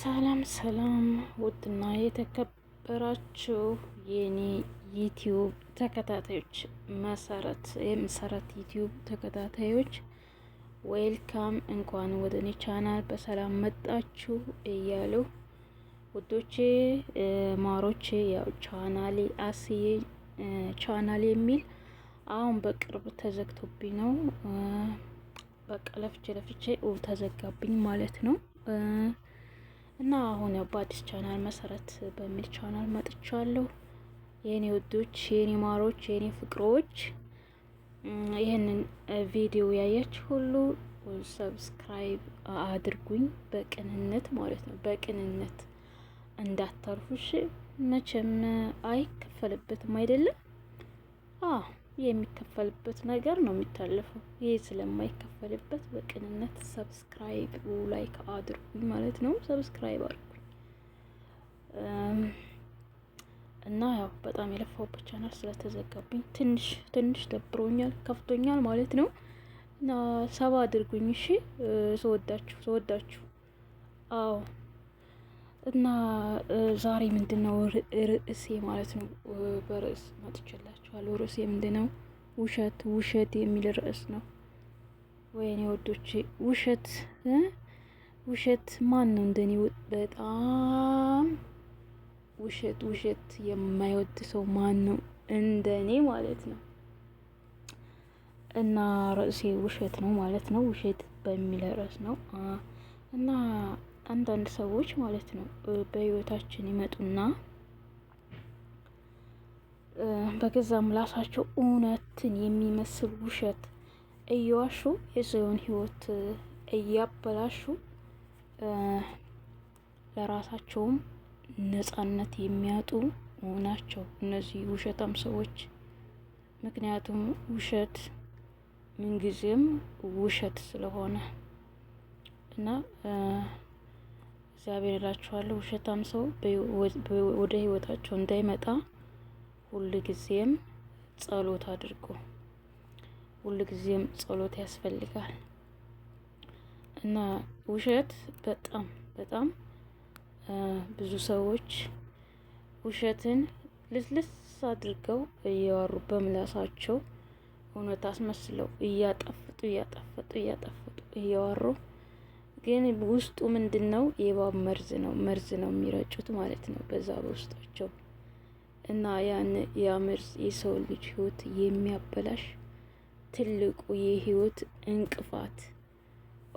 ሰላም ሰላም፣ ውድና የተከበራችሁ የኔ ዩቲዩብ ተከታታዮች መሰረት የመሰረት ዩቲዩብ ተከታታዮች ዌልካም፣ እንኳን ወደ እኔ ቻናል በሰላም መጣችሁ እያሉ ውዶቼ ማሮቼ፣ ያው ቻናሌ አስዬ ቻናል የሚል አሁን በቅርብ ተዘግቶብኝ ነው። በቃ ለፍቼ ለፍቼ ተዘጋብኝ ማለት ነው። እና አሁን ያው በአዲስ ቻናል መሰረት በሚል ቻናል መጥቻለሁ። የእኔ ውዶች፣ የእኔ ማሮች፣ የእኔ ፍቅሮች ይህንን ቪዲዮ ያያችሁ ሁሉ ሰብስክራይብ አድርጉኝ፣ በቅንነት ማለት ነው። በቅንነት እንዳታርፉሽ፣ መቼም አይከፈልበትም አይደለም። አዎ የሚከፈልበት ነገር ነው የሚታለፈው። ይሄ ስለማይከፈልበት በቅንነት ሰብስክራይብ ላይክ አድርጉኝ ማለት ነው። ሰብስክራይብ አድርጉኝ እና ያው በጣም የለፋውበት ቻናል ስለተዘጋብኝ ትንሽ ትንሽ ደብሮኛል፣ ከፍቶኛል ማለት ነው። እና ሰባ አድርጉኝ እሺ። ሰወዳችሁ ስወዳችሁ። አዎ እና ዛሬ ምንድነው ርዕሴ ማለት ነው። በርዕስ መጥቼላችኋለሁ። ርዕሴ የምንድነው ውሸት ውሸት የሚል ርዕስ ነው። ወይኔ ወዶቼ ውሸት ውሸት ማን ነው እንደኔ በጣም ውሸት ውሸት የማይወድ ሰው ማን ነው እንደኔ ማለት ነው። እና ርዕሴ ውሸት ነው ማለት ነው። ውሸት በሚል ርዕስ ነው እና አንዳንድ ሰዎች ማለት ነው በህይወታችን ይመጡና በገዛ ምላሳቸው እውነትን የሚመስል ውሸት እየዋሹ የሰውን ህይወት እያበላሹ ለራሳቸውም ነጻነት የሚያጡ ናቸው እነዚህ ውሸታም ሰዎች። ምክንያቱም ውሸት ምንጊዜም ውሸት ስለሆነ እና እግዚአብሔር እላችኋለሁ ውሸታም ሰው ወደ ህይወታቸው እንዳይመጣ ሁል ጊዜም ጸሎት አድርጉ። ሁል ጊዜም ጸሎት ያስፈልጋል እና ውሸት በጣም በጣም ብዙ ሰዎች ውሸትን ልስልስ አድርገው እያወሩ በምላሳቸው እውነት አስመስለው እያጠፍጡ እያጠፍጡ እያጠፍጡ እያወሩ ግን ውስጡ ምንድን ነው? የእባብ መርዝ ነው መርዝ ነው የሚረጩት ማለት ነው በዛ በውስጣቸው እና ያን ያ መርዝ የሰው ልጅ ህይወት የሚያበላሽ ትልቁ የህይወት እንቅፋት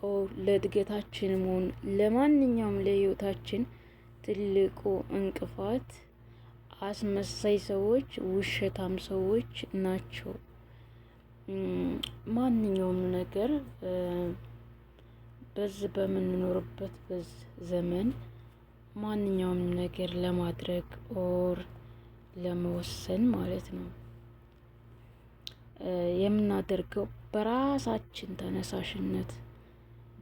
ኦ ለእድገታችን መሆን ለማንኛውም ለህይወታችን ትልቁ እንቅፋት አስመሳይ ሰዎች፣ ውሸታም ሰዎች ናቸው። ማንኛውም ነገር በዚህ በምንኖርበት በዚህ ዘመን ማንኛውም ነገር ለማድረግ ኦር ለመወሰን ማለት ነው የምናደርገው በራሳችን ተነሳሽነት፣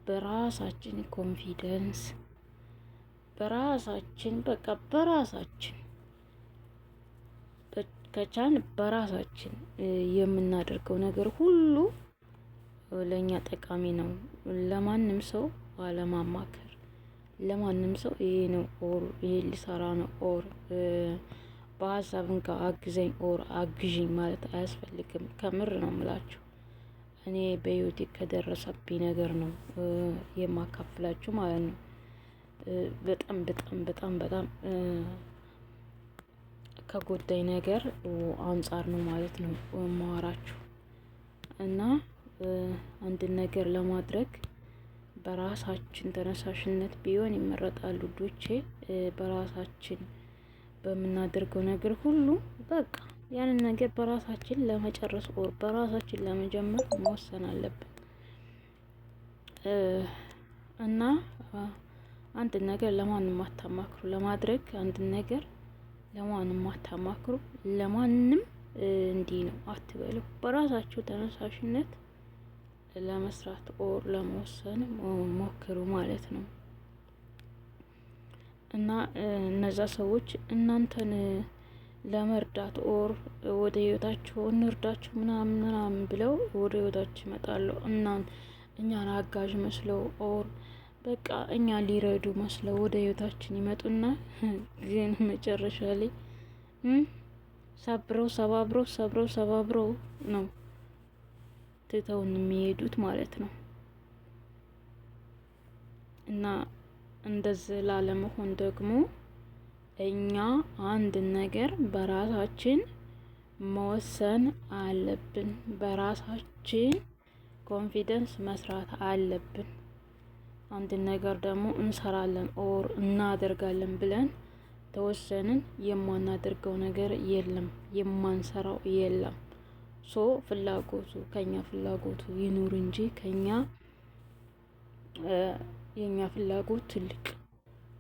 በራሳችን ኮንፊደንስ፣ በራሳችን በቃ በራሳችን ከቻን በራሳችን የምናደርገው ነገር ሁሉ ለእኛ ጠቃሚ ነው። ለማንም ሰው ባለማማከር ለማንም ሰው ይሄ ነው ኦር ይሄ ሊሰራ ነው ኦር በሀሳብ እንኳ አግዘኝ ኦር አግዥኝ ማለት አያስፈልግም። ከምር ነው ምላችሁ። እኔ በህይወቴ ከደረሰብኝ ነገር ነው የማካፍላችሁ ማለት ነው። በጣም በጣም በጣም በጣም ከጎዳኝ ነገር አንጻር ነው ማለት ነው ማዋራችሁ እና አንድን ነገር ለማድረግ በራሳችን ተነሳሽነት ቢሆን ይመረጣሉ ዶቼ በራሳችን በምናደርገው ነገር ሁሉ በቃ ያንን ነገር በራሳችን ለመጨረስ ኦር በራሳችን ለመጀመር መወሰን አለብን እና አንድን ነገር ለማንም አታማክሩ ለማድረግ አንድን ነገር ለማንም አታማክሩ። ለማንም እንዲህ ነው አትበሉ። በራሳችሁ ተነሳሽነት ለመስራት ኦር ለመወሰን ሞክሩ ማለት ነው። እና እነዛ ሰዎች እናንተን ለመርዳት ኦር ወደ ህይወታቸው እንርዳቸው ምናምን ምናምን ብለው ወደ ህይወታቸው ይመጣሉ። እናን እኛን አጋዥ መስለው ኦር በቃ እኛ ሊረዱ መስለው ወደ ህይወታችን ይመጡና ግን መጨረሻ ላይ ሰብረው ሰባብረው ሰብረው ሰባብረው ነው ትተውን የሚሄዱት ማለት ነው። እና እንደዚህ ላለመሆን ደግሞ እኛ አንድ ነገር በራሳችን መወሰን አለብን። በራሳችን ኮንፊደንስ መስራት አለብን። አንድ ነገር ደግሞ እንሰራለን ኦር እናደርጋለን ብለን ተወሰንን፣ የማናደርገው ነገር የለም፣ የማንሰራው የለም። ሶ ፍላጎቱ ከኛ ፍላጎቱ ይኑር እንጂ ከኛ የኛ ፍላጎት ትልቅ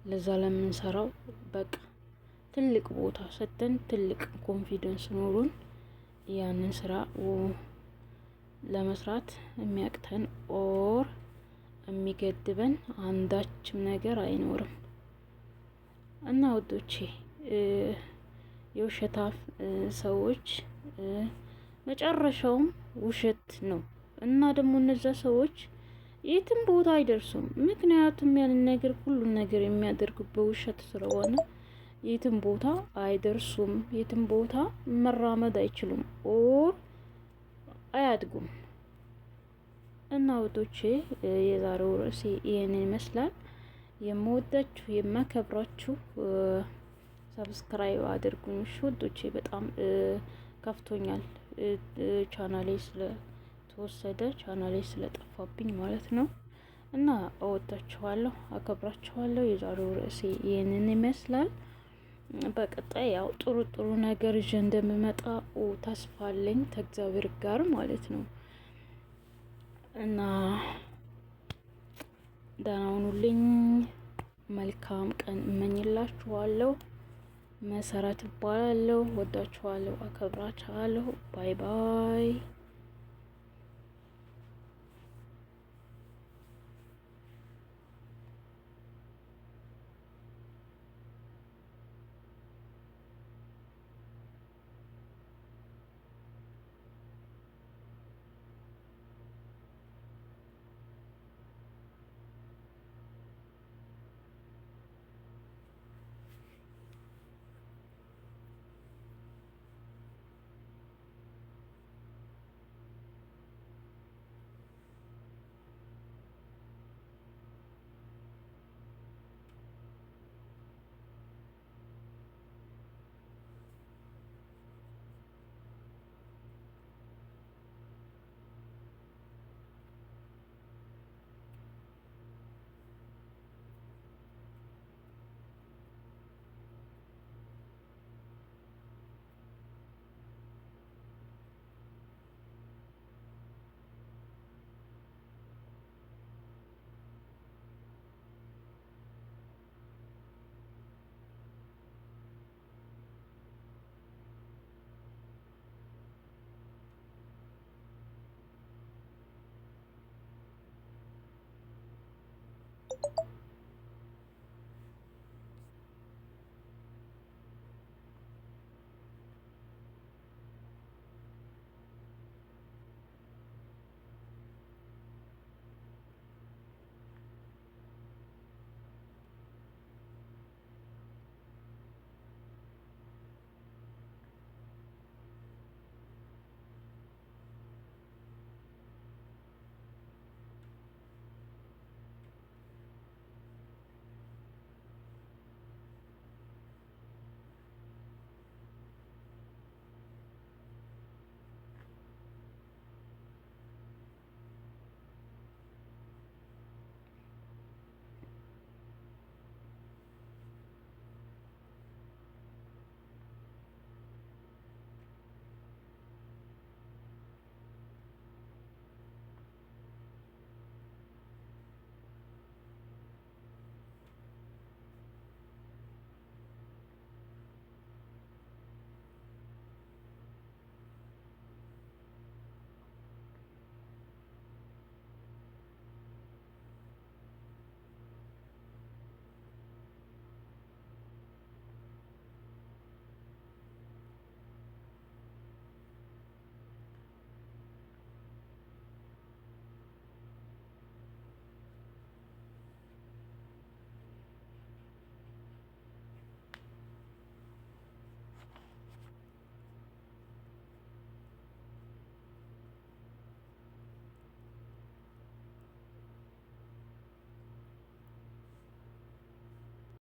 ለዛ ለምንሰራው በቃ ትልቅ ቦታ ሰጥተን ትልቅ ኮንፊደንስ ኖሩን ያንን ስራ ለመስራት የሚያቅተን ኦር የሚገድበን አንዳችም ነገር አይኖርም እና ውዶቼ የውሸታፍ ሰዎች መጨረሻውም ውሸት ነው እና ደግሞ እነዛ ሰዎች የትም ቦታ አይደርሱም። ምክንያቱም ያንን ነገር ሁሉን ነገር የሚያደርጉበት ውሸት ስለሆነ የትም ቦታ አይደርሱም። የትም ቦታ መራመድ አይችሉም ኦር አያድጉም። እና ወዶቼ የዛሬው ርዕሴ ይህንን ይመስላል። የምወዳችሁ የማከብራችሁ፣ ሰብስክራይብ አድርጉኝ። ወዶቼ በጣም ከፍቶኛል። ቻናሌ ስለተወሰደ ቻናሌ ስለጠፋብኝ ማለት ነው። እና እወዳችኋለሁ፣ አከብራችኋለሁ። የዛሬው ርዕሴ ይህንን ይመስላል። በቀጣይ ያው ጥሩ ጥሩ ነገር ይዤ እንደምመጣ ተስፋ አለኝ ከእግዚአብሔር ጋር ማለት ነው። እና ደህና ሁኑልኝ። መልካም ቀን እመኝላችኋለሁ። መሰረት እባላለሁ። ወዳችኋለሁ፣ አከብራችኋለሁ። ባይ ባይ